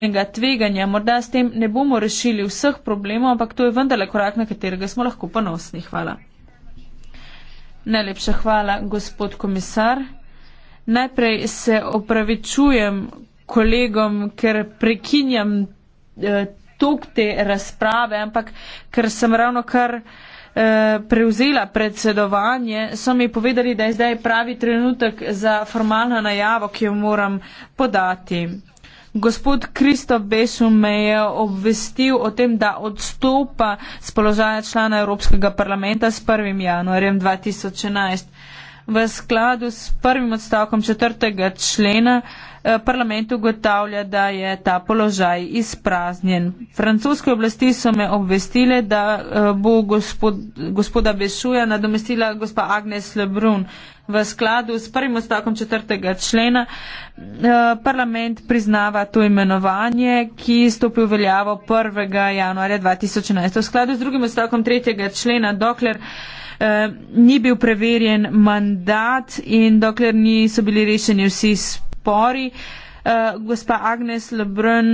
enega tveganja. Morda s tem ne bomo rešili vseh problemov, ampak to je vendarle korak, na katerega smo lahko ponosni. Hvala. Najlepša hvala, gospod komisar. Najprej se opravičujem kolegom, ker prekinjam eh, tok te razprave, ampak ker sem ravno kar eh, prevzela predsedovanje, so mi povedali, da je zdaj pravi trenutek za formalno najavo, ki jo moram podati. Gospod Kristof Besu me je obvestil o tem, da odstopa z položaja člana Evropskega parlamenta s 1. januarjem 2011 v skladu s prvim odstavkom četrtega člena eh, parlament ugotavlja, da je ta položaj izpraznjen. Francoske oblasti so me obvestile, da eh, bo gospod, gospoda Bešuja nadomestila gospa Agnes Lebrun. V skladu s prvim odstavkom četrtega člena eh, parlament priznava to imenovanje, ki stopi v veljavo 1. januarja 2011. V skladu s drugim odstavkom tretjega člena, dokler Eh, ni bil preverjen mandat in dokler niso bili rešeni vsi spori. Eh, gospa Agnes Lebrun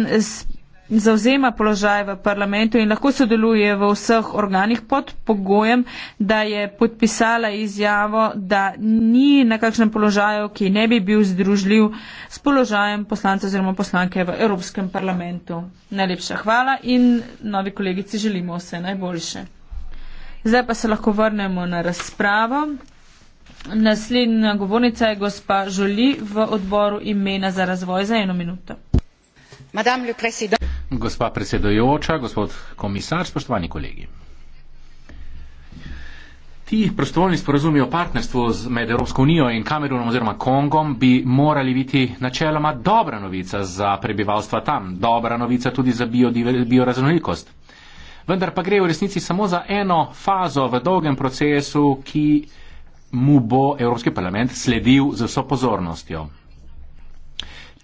zauzema položaj v parlamentu in lahko sodeluje v vseh organih pod pogojem, da je podpisala izjavo, da ni na kakšnem položaju, ki ne bi bil združljiv s položajem poslanca oziroma poslanke v Evropskem parlamentu. Najlepša hvala in novi kolegici želimo vse najboljše. Zdaj pa se lahko vrnemo na razpravo. Naslednja govornica je gospa Žoli v odboru imena za razvoj za eno minuto. Gospa predsedojoča, gospod komisar, spoštovani kolegi. Ti prostovoljni sporazumi o partnerstvu med Evropsko unijo in Kamerunom oziroma Kongom bi morali biti načeloma dobra novica za prebivalstva tam, dobra novica tudi za bioraznolikost. Bio vendar pa gre v resnici samo za eno fazo v dolgem procesu, ki mu bo Evropski parlament sledil z vso pozornostjo.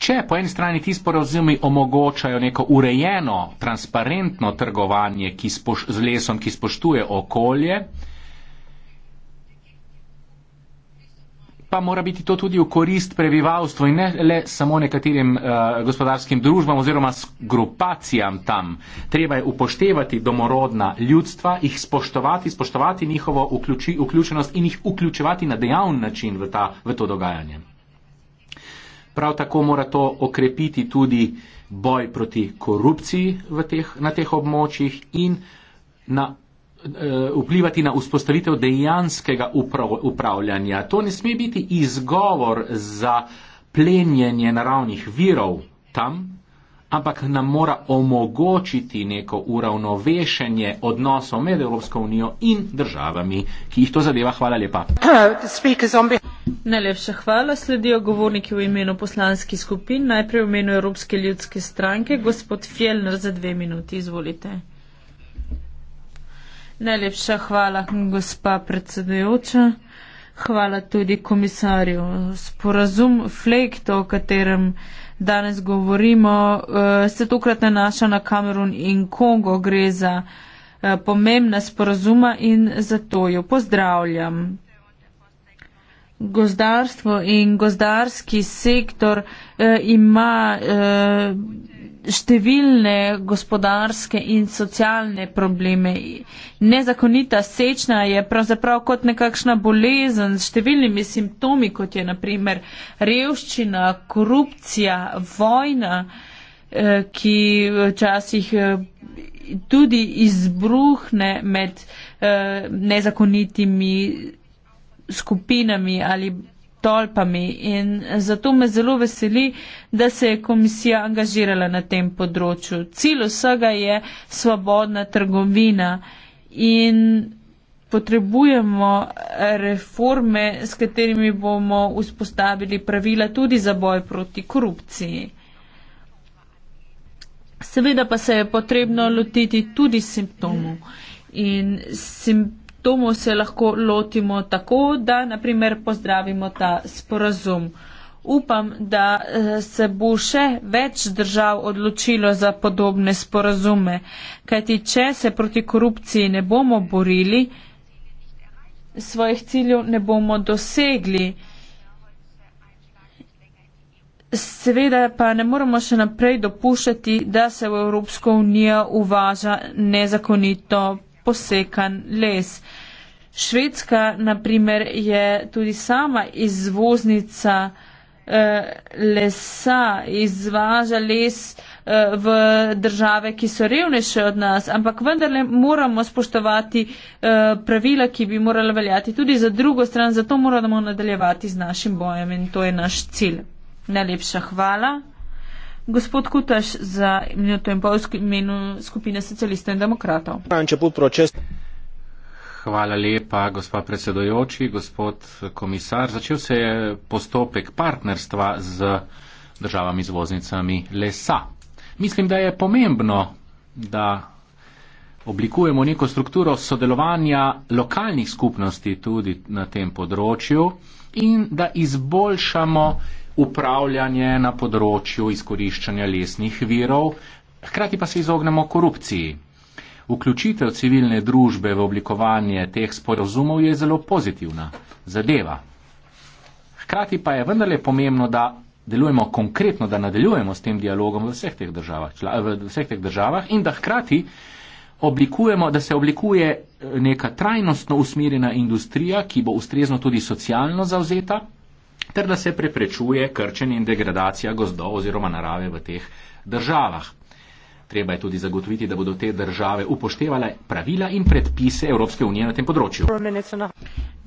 Če po eni strani ti sporozumi omogočajo neko urejeno, transparentno trgovanje ki spoš, z lesom, ki spoštuje okolje, pa mora biti to tudi v korist prebivalstvu in ne le samo nekaterim uh, gospodarskim družbam oziroma grupacijam tam. Treba je upoštevati domorodna ljudstva, jih spoštovati, spoštovati njihovo vključi, vključenost in jih vključevati na dejavn način v, ta, v to dogajanje. Prav tako mora to okrepiti tudi boj proti korupciji teh, na teh območjih in na Eh, vplivati na vzpostavitev dejanskega uprav, upravljanja. To ne sme biti izgovor za plenjenje naravnih virov tam, ampak nam mora omogočiti neko uravnovešenje odnosov med Evropsko unijo in državami, ki jih to zadeva. Hvala lepa. Najlepša hvala. Sledijo govorniki v imenu poslanskih skupin, najprej v imenu Evropske ljudske stranke. Gospod Fjellner, za dve minuti izvolite. Najlepša hvala, gospa predsedajoča. Hvala tudi komisarju. Sporazum Flake, to, o katerem danes govorimo, eh, se tokrat nanaša na Kamerun in Kongo. Gre za eh, pomembna sporazuma in zato jo pozdravljam. Gozdarstvo in gozdarski sektor eh, ima številne gospodarske in socialne probleme. Nezakonita sečna je pravzaprav kot nekakšna bolezen s številnimi simptomi, kot je naprimer revščina, korupcija, vojna, eh, ki včasih eh, tudi izbruhne med eh, nezakonitimi skupinami ali tolpami in zato me zelo veseli, da se je komisija angažirala na tem področju. Cilj vsega je svobodna trgovina in potrebujemo reforme, s katerimi bomo vzpostavili pravila tudi za boj proti korupciji. Seveda pa se je potrebno lotiti tudi simptomov. In simptomov Tomo se lahko lotimo tako, da naprimer pozdravimo ta sporazum. Upam, da eh, se bo še več držav odločilo za podobne sporazume, kajti če se proti korupciji ne bomo borili, svojih ciljev ne bomo dosegli. Seveda pa ne moramo še naprej dopuščati, da se v Evropsko unijo uvaža nezakonito posekan les. Švedska, naprimer, je tudi sama izvoznica eh, lesa, izvaža les eh, v države, ki so revnejše od nas, ampak vendarle moramo spoštovati eh, pravila, ki bi morala veljati tudi za drugo stran, zato moramo nadaljevati z našim bojem in to je naš cilj. Najlepša hvala. Gospod Kutaš za minuto in pol v imenu skupine socialistov in demokratov. Hvala lepa, gospa predsedojoči, gospod komisar. Začel se je postopek partnerstva z državami izvoznicami lesa. Mislim, da je pomembno, da oblikujemo neko strukturo sodelovanja lokalnih skupnosti tudi na tem področju in da izboljšamo upravljanje na področju izkoriščanja lesnih virov, hkrati pa se izognemo korupciji. Vključitev civilne družbe v oblikovanje teh sporozumov je zelo pozitivna zadeva. Hkrati pa je vendarle pomembno, da delujemo konkretno, da nadaljujemo s tem dialogom v vseh teh državah, v vseh teh državah in da hkrati oblikujemo, da se oblikuje eh, neka trajnostno usmerjena industrija, ki bo ustrezno tudi socialno zauzeta, ter da se preprečuje krčenje in degradacija gozdov oziroma narave v teh državah. Treba je tudi zagotoviti, da bodo te države upoštevale pravila in predpise Evropske unije na tem področju.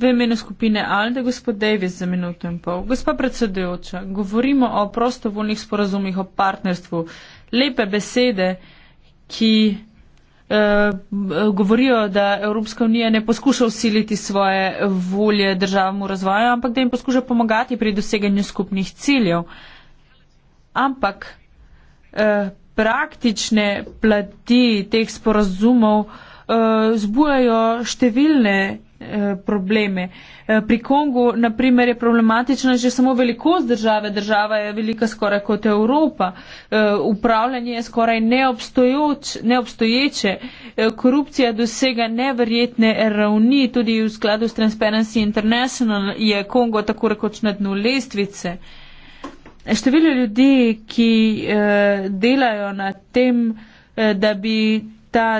V imenu skupine Alde, gospod Davis, za minuto in pol. Gospa predsedujoča, govorimo o prostovoljnih sporazumih, o partnerstvu. Lepe besede, ki Eh, govorijo, da Evropska unija ne poskuša usiliti svoje volje državam v razvoju, ampak da jim poskuša pomagati pri doseganju skupnih ciljev. Ampak eh, praktične plati teh sporazumov uh, Eh, zbujajo številne eh, probleme. Eh, pri Kongu, naprimer, je problematična že samo velikost države. Država je velika skoraj kot Evropa. Upravljanje je skoraj neobstojoč, neobstoječe. Korupcija dosega neverjetne ravni. Tudi v skladu s Transparency International je Kongo tako rekoč na dnu lestvice. Število ljudi, ki delajo na tem, da bi ta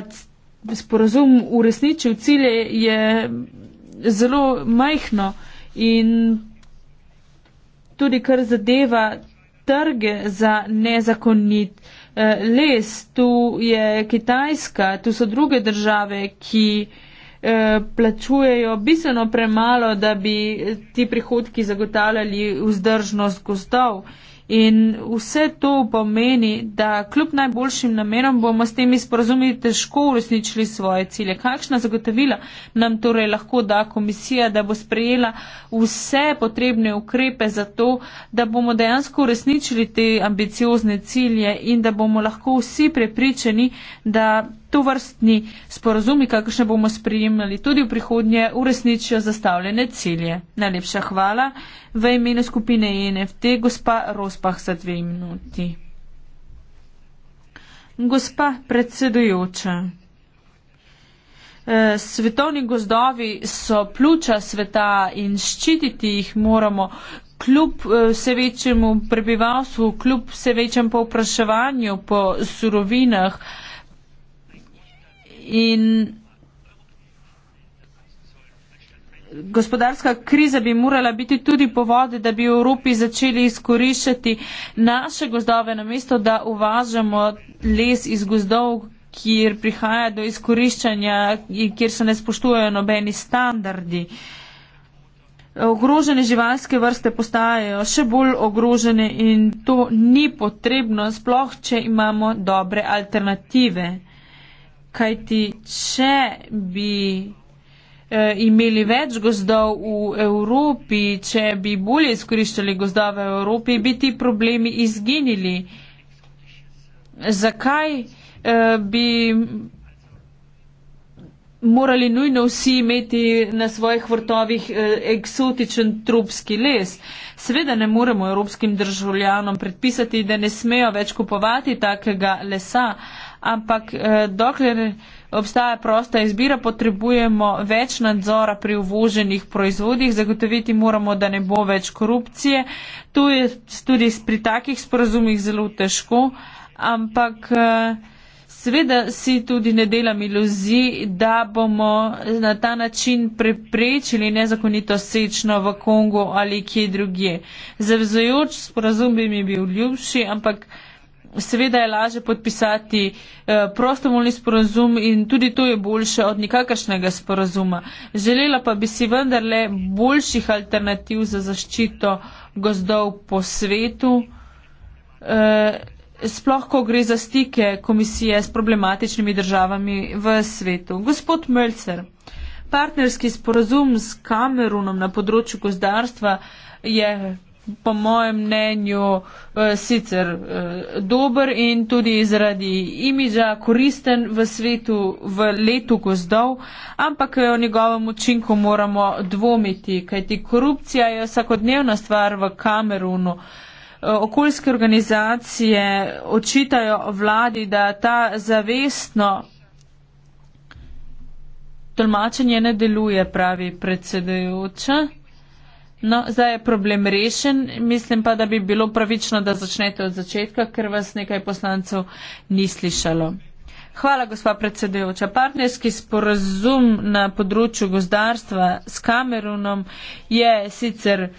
sporazum uresničil cilje, je zelo majhno in tudi kar zadeva trge za nezakonit eh, les. Tu je Kitajska, tu so druge države, ki eh, plačujejo bistveno premalo, da bi ti prihodki zagotavljali vzdržnost gozdov. In vse to pomeni, da kljub najboljšim namerom bomo s temi sporazumi težko uresničili svoje cilje. Kakšna zagotovila nam torej lahko da komisija, da bo sprejela vse potrebne ukrepe za to, da bomo dejansko uresničili te ambiciozne cilje in da bomo lahko vsi prepričani, da to vrstni sporozumi, kakšne bomo sprejemali tudi v prihodnje, uresničijo zastavljene cilje. Najlepša hvala v imenu skupine e NFT, gospa Rospah za dve minuti. Gospa predsedujoča. Eh, svetovni gozdovi so pljuča sveta in ščititi jih moramo kljub eh, vse večjemu prebivalstvu, kljub vse večjem povpraševanju po surovinah in gospodarska kriza bi morala biti tudi povod, da bi v Evropi začeli izkoriščati naše gozdove, namesto da uvažamo les iz gozdov, kjer prihaja do izkoriščanja in kjer se ne spoštujejo nobeni standardi. Ogrožene živalske vrste postajajo še bolj ogrožene in to ni potrebno, sploh če imamo dobre alternative kajti če bi eh, imeli več gozdov v Evropi, če bi bolje izkoriščali gozdove v Evropi, bi ti problemi izginili. Zakaj eh, bi morali nujno vsi imeti na svojih vrtovih eh, eksotičen tropski les? Sveda ne moremo evropskim državljanom predpisati, da ne smejo več kupovati takega lesa, ampak eh, dokler obstaja prosta izbira, potrebujemo več nadzora pri uvoženih proizvodih, zagotoviti moramo, da ne bo več korupcije. To je tudi pri takih sporazumih zelo težko, ampak. Eh, Sveda si tudi ne delam iluzij, da bomo na ta način preprečili nezakonito sečno v Kongu ali kje drugje. Zavezojoč sporazum bi mi bil ljubši, ampak uh, seveda je laže podpisati eh, prostovoljni sporozum in tudi to je boljše od nikakršnega sporozuma. Želela pa bi si vendarle boljših alternativ za zaščito gozdov po svetu, eh, sploh ko gre za stike komisije s problematičnimi državami v svetu. Gospod Mölcer, partnerski sporozum s Kamerunom na področju gozdarstva je po mojem mnenju eh, sicer eh, dober in tudi zaradi imidža koristen v svetu v letu gozdov, ampak eh, o njegovem učinku moramo dvomiti, kajti korupcija je vsakodnevna stvar v Kamerunu. Okoljske organizacije očitajo vladi, da ta zavestno tolmačenje ne deluje, pravi predsedujoča. No, zdaj je problem rešen. Mislim pa, da bi bilo pravično, da začnete od začetka, ker vas nekaj poslancev ni slišalo. Hvala, gospa predsedujoča. Partnerski sporazum na področju gozdarstva s Kamerunom je sicer eh,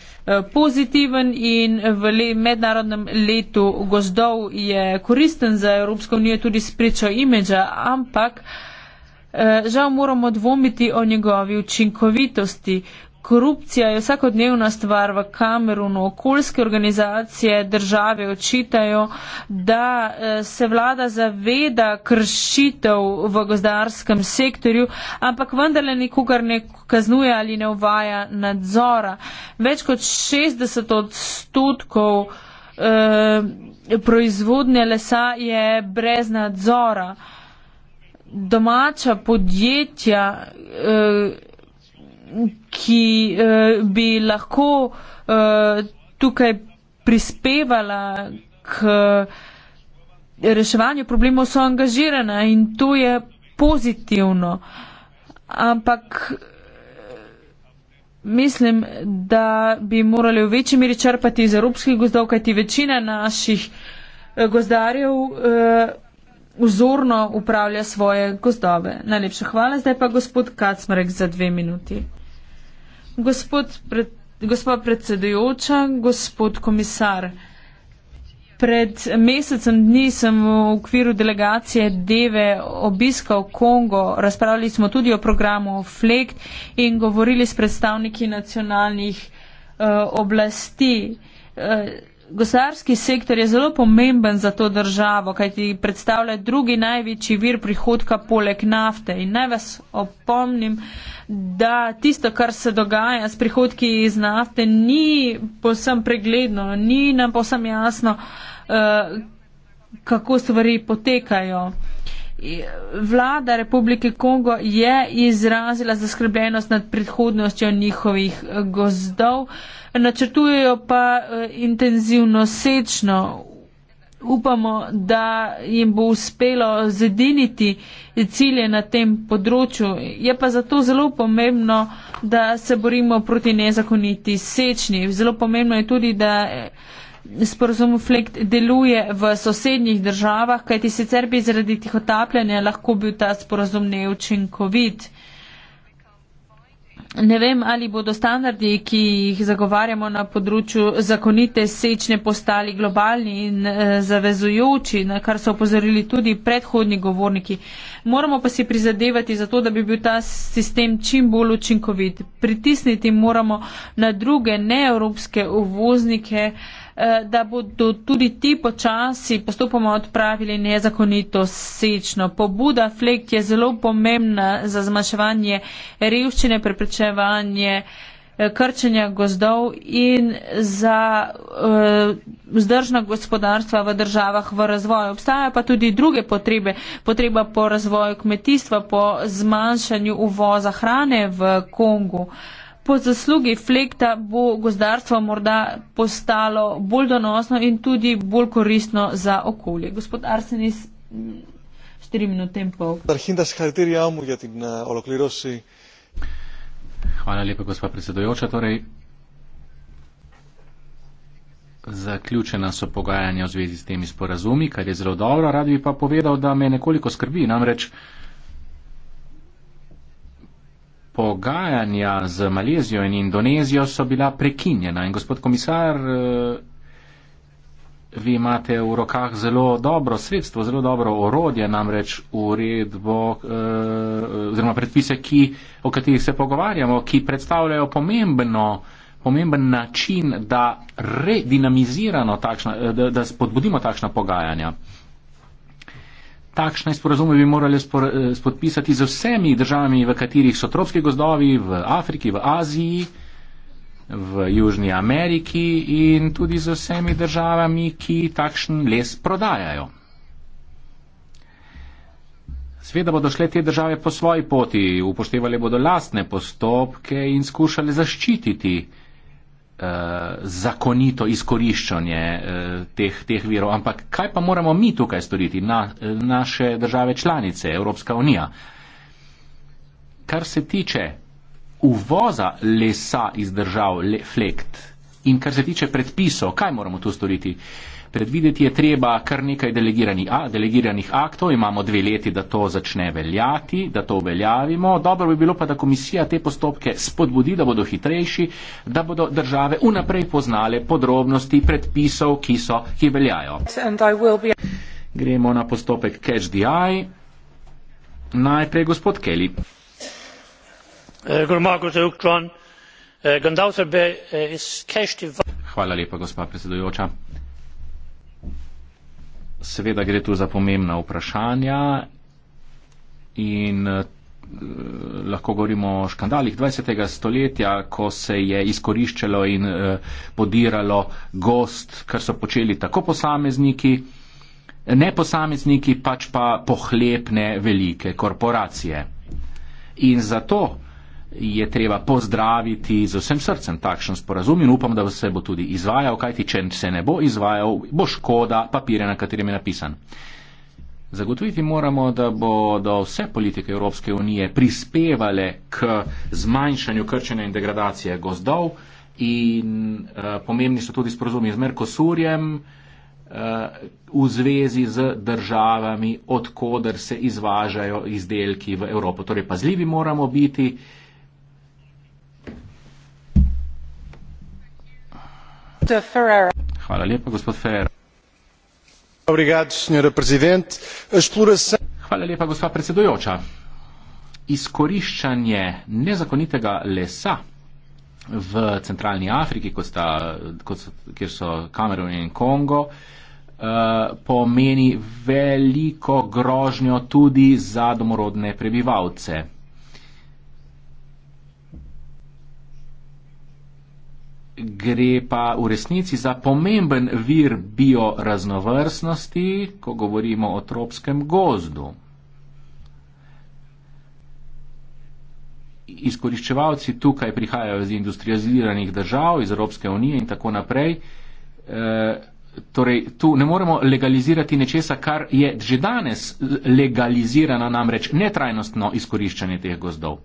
pozitiven in v le mednarodnem letu gozdov je koristen za Evropsko unijo tudi spričo imidža, ampak eh, žal moramo dvomiti o njegovi učinkovitosti. Korupcija je vsakodnevna stvar v Kamerunu. Okoljske organizacije države očitajo, da eh, se vlada zaveda kršitev v gozdarskem sektorju, ampak vendarle nikogar ne kaznuje ali ne uvaja nadzora. Več kot 60 odstotkov eh, proizvodne lesa je brez nadzora. Domača podjetja. Eh, ki eh, bi lahko eh, tukaj prispevala k reševanju problemov, so angažirana in to je pozitivno. Ampak eh, mislim, da bi morali v večji meri črpati iz evropskih gozdov, kajti večina naših gozdarjev vzorno upravlja svoje gozdove. Najlepša hvala. Zdaj pa gospod Kacmarek za dve minuti. Gospod pred, gospod predsedujoča, gospod komisar, pred mesecem dni sem v okviru delegacije Deve obiskal Kongo, razpravljali smo tudi o programu FLEKT in govorili s predstavniki nacionalnih uh, oblasti. Uh, Gospodarski sektor je zelo pomemben za to državo, kajti predstavlja drugi največji vir prihodka poleg nafte. In naj vas opomnim, da tisto, kar se dogaja s prihodki iz nafte, ni posem pregledno, ni nam posem jasno, eh, kako stvari potekajo vlada Republike Kongo je izrazila zaskrbljenost nad prihodnostjo njihovih eh, gozdov, načrtujejo pa eh, intenzivno sečno. Upamo, da jim bo uspelo zediniti cilje na tem področju. Je pa zato zelo pomembno, da se borimo proti nezakoniti sečni. Zelo pomembno je tudi, da sporozum Flekt deluje v sosednjih državah, kajti sicer bi zaradi tih otapljanja lahko bil ta sporozum neučinkovit. Ne vem, ali bodo standardi, ki jih zagovarjamo na področju zakonite sečne, postali globalni in eh, zavezujoči, na kar so opozorili tudi predhodni govorniki. Moramo pa si prizadevati za to, da bi bil ta sistem čim bolj učinkovit. Pritisniti moramo na druge neevropske uvoznike. Uh, Eh, da bodo tudi ti počasi postopoma odpravili nezakonito sečno. Pobuda FLEKT je zelo pomembna za zmanjševanje revščine, preprečevanje eh, krčenja gozdov in za eh, vzdržno uh, gospodarstvo v državah v razvoju. Obstajajo pa tudi druge potrebe. Potreba po razvoju kmetijstva, po zmanjšanju uvoza hrane v Kongu. Uh, Po zaslugi flekta bo gozdarstvo morda postalo bolj donosno in tudi bolj koristno za okolje. Gospod Arsenis, 4 minute in pol. Hvala lepa, gospod predsedojoča. Torej, zaključena so pogajanja v zvezi s temi sporazumi, kar je zelo dobro. Rad bi pa povedal, da me nekoliko skrbi. Namreč, pogajanja z Malezijo in Indonezijo so bila prekinjena. In gospod komisar, eh, vi imate v rokah zelo dobro sredstvo, zelo dobro orodje, namreč uredbo eh, oziroma predpise, ki, o katerih se pogovarjamo, ki predstavljajo pomembno pomemben način, da redinamizirano takšna, eh, da, da spodbudimo takšna pogajanja takšne sporazume bi morali spor, eh, podpisati z vsemi državami, v katerih so tropski gozdovi, v Afriki, v Aziji, v Južni Ameriki in tudi z vsemi državami, ki takšen les prodajajo. Sveda bodo šle te države po svoji poti, upoštevali bodo lastne postopke in skušali zaščititi eh, uh, zakonito izkoriščanje uh, teh, teh virov. Ampak kaj pa moramo mi tukaj storiti, na, eh, naše države članice, Evropska unija? Kar se tiče uvoza lesa iz držav le, flekt in kar se tiče predpisov, kaj moramo tu storiti? Uh, predvideti je treba kar nekaj delegiranih, a, delegiranih aktov, imamo dve leti, da to začne veljati, da to uveljavimo. Dobro bi bilo pa, da komisija te postopke spodbudi, da bodo hitrejši, da bodo države unaprej poznale podrobnosti predpisov, ki, so, ki veljajo. Gremo na postopek Catch the Eye. Najprej gospod Kelly. Eh, eh, eh, Hvala lepa, gospa predsedujoča seveda gre tu za pomembna vprašanja in eh, lahko govorimo o škandalih 20. stoletja, ko se je izkoriščalo in eh, podiralo gost, kar so počeli tako posamezniki, ne posamezniki, pač pa pohlepne velike korporacije. In zato je treba pozdraviti z vsem srcem takšen sporazum in upam, da se bo tudi izvajal, kajti če se ne bo izvajal, bo škoda papirja, na katerem je napisan. Zagotoviti moramo, da bodo vse politike Evropske unije prispevale k zmanjšanju krčenja in degradacije gozdov in uh, pomembni so tudi sporozumi z Merkosurjem uh, eh, v zvezi z državami, odkoder se izvažajo izdelki v Evropo. Torej pazljivi moramo biti uh, Hvala lepa, gospod Ferrer. Obrigado, Exploração... Hvala lepa, gospa predsedujoča. Izkoriščanje nezakonitega lesa v centralni Afriki, kot sta, kot so, kjer so Kamerun in Kongo, eh, pomeni veliko grožnjo tudi za domorodne prebivalce. gre pa v resnici za pomemben vir bioraznovrstnosti, ko govorimo o tropskem gozdu. Izkoriščevalci tukaj prihajajo iz industrializiranih držav, iz Evropske unije in tako naprej. E, torej, tu ne moremo legalizirati nečesa, kar je že danes legalizirano, namreč netrajnostno izkoriščanje teh gozdov.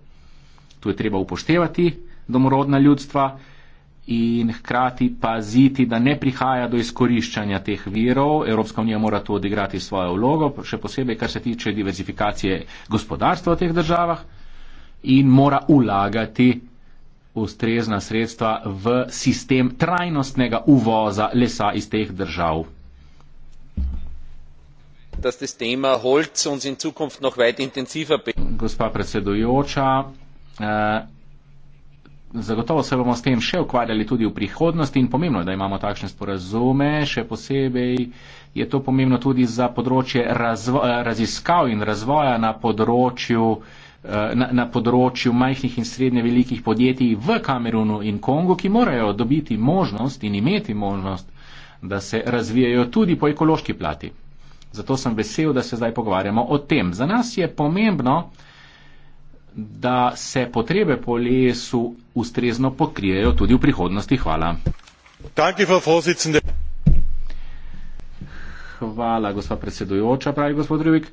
Tu je treba upoštevati domorodna ljudstva, in hkrati paziti, da ne prihaja do izkoriščanja teh virov. Evropska unija mora tu odigrati svojo vlogo, še posebej, kar se tiče diverzifikacije gospodarstva v teh državah in mora ulagati ustrezna sredstva v sistem trajnostnega uvoza lesa iz teh držav. Gospa predsedujoča, eh, zagotovo se bomo s tem še ukvarjali tudi v prihodnosti in pomembno je, da imamo takšne sporazume, še posebej je to pomembno tudi za področje razvo, eh, raziskav in razvoja na področju, eh, na, na področju majhnih in srednje velikih podjetij v Kamerunu in Kongu, ki morajo dobiti možnost in imeti možnost, da se razvijajo tudi po ekološki plati. Zato sem vesel, da se zdaj pogovarjamo o tem. Za nas je pomembno, da se potrebe po lesu ustrezno pokrijejo tudi v prihodnosti. Hvala. Hvala, gospa predsedujoča, pravi gospod Rivik.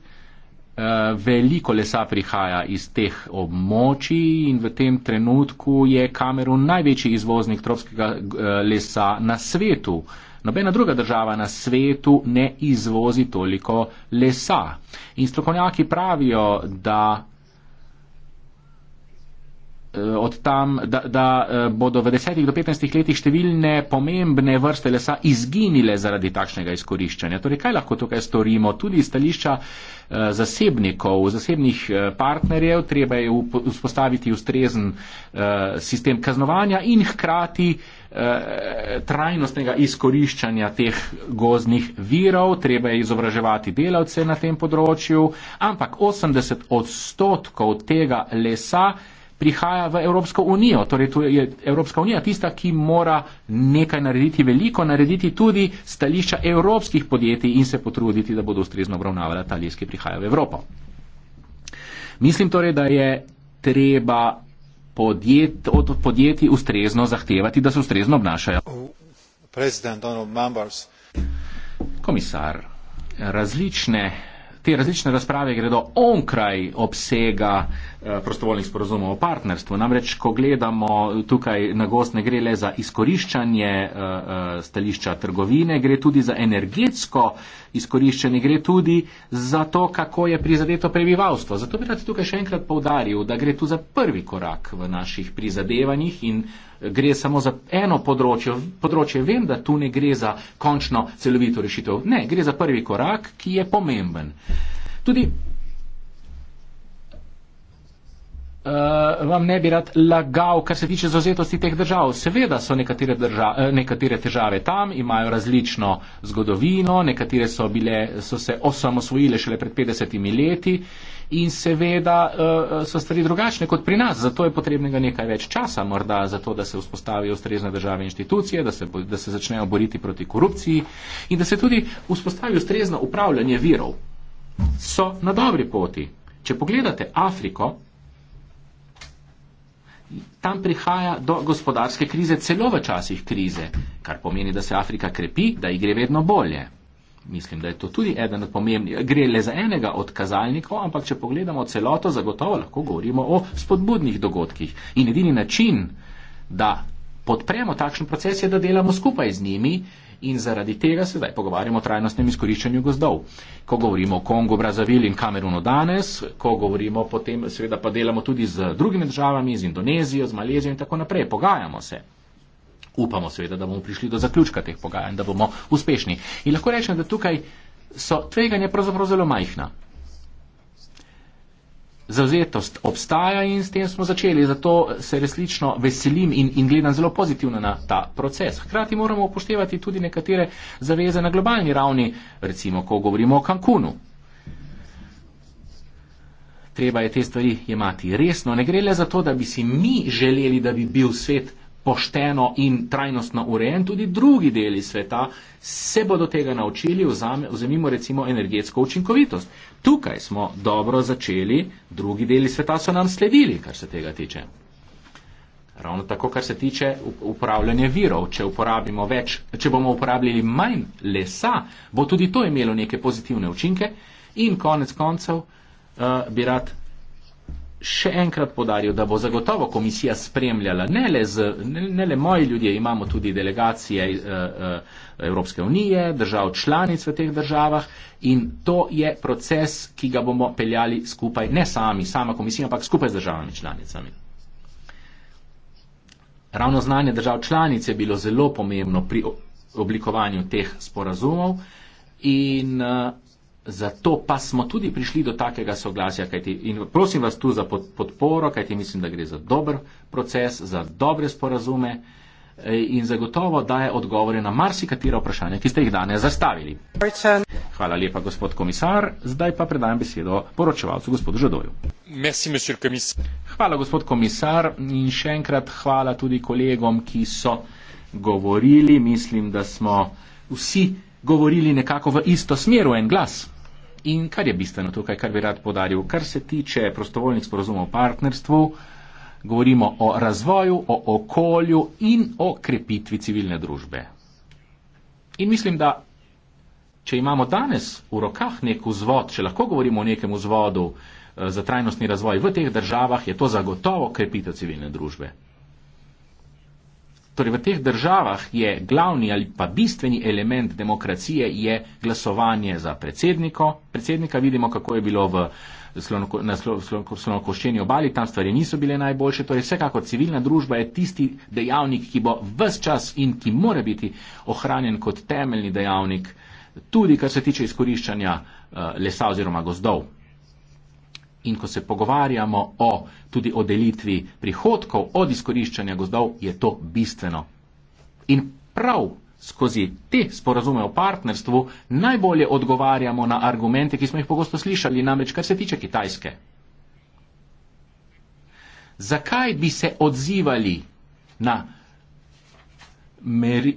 Eh, veliko lesa prihaja iz teh območij in v tem trenutku je Kamerun največji izvoznik tropskega eh, lesa na svetu. Nobena druga država na svetu ne izvozi toliko lesa. In strokovnjaki pravijo, da Eh, od tam, da, da eh, bodo v 10 do 15 letih številne pomembne vrste lesa izginile zaradi takšnega izkoriščanja. Torej, kaj lahko tukaj storimo? Tudi stališča eh, zasebnikov, zasebnih partnerjev, treba je vzpostaviti ustrezen sistem kaznovanja in hkrati trajnostnega izkoriščanja teh gozdnih virov, treba je izobraževati delavce na tem področju, ampak 80 odstotkov tega lesa prihaja v Evropsko unijo. Torej, tu je Evropska unija tista, ki mora nekaj narediti, veliko narediti tudi stališča evropskih podjetij in se potruditi, da bodo ustrezno obravnavala ta les, ki prihaja v Evropo. Mislim torej, da je treba podjet, od podjetij ustrezno zahtevati, da se ustrezno obnašajo. Komisar, različne te različne razprave gredo onkraj obsega eh, prostovoljnih sporozumov o partnerstvu. Namreč, ko gledamo tukaj na gost, ne gre le za izkoriščanje eh, eh, stališča trgovine, gre tudi za energetsko izkoriščanje, gre tudi za to, kako je prizadeto prebivalstvo. Zato bi rad tukaj še enkrat povdaril, da gre tu za prvi korak v naših prizadevanjih in gre samo za eno področje. področje. Vem, da tu ne gre za končno celovito rešitev. Ne, gre za prvi korak, ki je pomemben. Tudi uh, vam ne bi rad lagal, kar se tiče zauzetosti teh držav. Seveda so nekatere, držav, eh, nekatere težave tam, imajo različno zgodovino, nekatere so, bile, so se osamosvojile šele pred 50 leti in seveda uh, so stvari drugačne kot pri nas. Zato je potrebnega nekaj več časa, morda zato, da se vzpostavijo ustrezne države in inštitucije, da se, da se začnejo boriti proti korupciji in da se tudi vzpostavi ustrezno upravljanje virov. So na dobri poti. Če pogledate Afriko, tam prihaja do gospodarske krize, celo v časih krize, kar pomeni, da se Afrika krepi, da ji gre vedno bolje. Mislim, da je to tudi eden od pomembnih. Gre le za enega od kazalnikov, ampak če pogledamo celoto, zagotovo lahko govorimo o spodbudnih dogodkih. In edini način, da podpremo takšen proces, je, da delamo skupaj z njimi in zaradi tega se zdaj pogovarjamo o trajnostnem izkoriščanju gozdov. Ko govorimo o Kongu, Brazavili in Kamerunu danes, ko govorimo potem, seveda pa delamo tudi z drugimi državami, z Indonezijo, z Malezijo in tako naprej, pogajamo se. Upamo seveda, da bomo prišli do zaključka teh pogajanj, da bomo uspešni. In lahko rečem, da tukaj so tveganja pravzaprav zelo majhna zauzetost obstaja in s tem smo začeli. Zato se resnično veselim in, in gledam zelo pozitivno na ta proces. Hkrati moramo upoštevati tudi nekatere zaveze na globalni ravni, recimo, ko govorimo o Cancunu. Treba je te stvari jemati resno. Ne gre le za to, da bi si mi želeli, da bi bil svet pošteno in trajnostno urejen, tudi drugi deli sveta se bodo tega naučili, vzemimo recimo energetsko učinkovitost. Tukaj smo dobro začeli, drugi deli sveta so nam sledili, kar se tega tiče. Ravno tako, kar se tiče upravljanja virov. Če, več, če bomo uporabljali manj lesa, bo tudi to imelo neke pozitivne učinke in konec koncev uh, bi rad še enkrat podaril, da bo zagotovo komisija spremljala ne le, z, ne, ne le moji ljudje, imamo tudi delegacije uh, uh, Evropske unije, držav članic v teh državah in to je proces, ki ga bomo peljali skupaj, ne sami, sama komisija, ampak skupaj z državami članicami. Ravno znanje držav članic je bilo zelo pomembno pri oblikovanju teh sporazumov in uh, zato pa smo tudi prišli do takega soglasja. Kajti, in prosim vas tu za podporo, kajti mislim, da gre za dober proces, za dobre sporazume eh, in zagotovo daje odgovore na marsikatera vprašanja, ki ste jih danes zastavili. Hvala lepa, gospod komisar. Zdaj pa predajam besedo poročevalcu, gospodu Žadoju. Merci, monsieur komisar. Hvala, gospod komisar. In še enkrat hvala tudi kolegom, ki so govorili. Mislim, da smo vsi govorili nekako v isto smer, v en glas. In kar je bistveno tukaj, kar bi rad podaril, kar se tiče prostovoljnih sporozumov o partnerstvu, govorimo o razvoju, o okolju in o krepitvi civilne družbe. In mislim, da če imamo danes v rokah nek vzvod, če lahko govorimo o nekem vzvodu eh, za trajnostni razvoj v teh državah, je to zagotovo krepitev civilne družbe. Torej, v teh državah je glavni ali pa bistveni element demokracije je glasovanje za predsednika. Vidimo, kako je bilo v slonokoščeni obali, tam stvari niso bile najboljše. Torej, vsekako civilna družba je tisti dejavnik, ki bo vse čas in ki mora biti ohranjen kot temeljni dejavnik, tudi kar se tiče izkoriščanja eh, lesa oziroma gozdov in ko se pogovarjamo o tudi o delitvi prihodkov od izkoriščanja gozdov, je to bistveno. In prav skozi te sporazume o partnerstvu najbolje odgovarjamo na argumente, ki smo jih pogosto slišali, namreč kar se tiče Kitajske. Zakaj bi se odzivali na meri,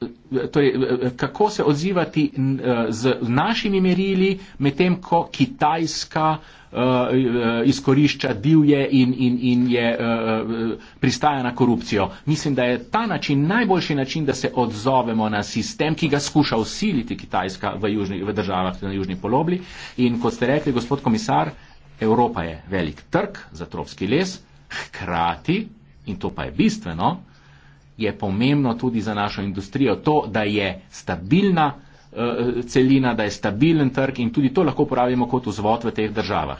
To torej, je, eh, eh, kako se odzivati eh, z našimi merili, medtem ko Kitajska izkorišča divje in, in, in je, pristaja na korupcijo. Mislim, da je ta način najboljši način, da se odzovemo na sistem, ki ga skuša usiliti Kitajska v, južni, v državah na južni polobli. In kot ste rekli, gospod komisar, Evropa je velik trg za tropski les, hkrati, in to pa je bistveno, je pomembno tudi za našo industrijo to, da je stabilna uh, celina, da je stabilen trg in tudi to lahko uporabimo kot vzvod v teh državah.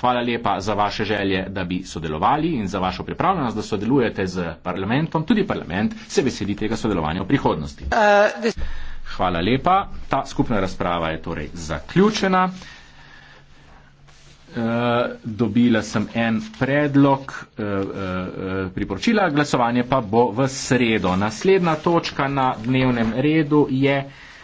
Hvala lepa za vaše želje, da bi sodelovali in za vašo pripravljenost, da sodelujete z parlamentom. Tudi parlament se veseli tega sodelovanja v prihodnosti. Eh, Hvala lepa. Ta skupna razprava je torej zaključena. Eh, dobila sem en predlog eh, eh, priporočila, glasovanje pa bo v sredo. Naslednja točka na dnevnem redu je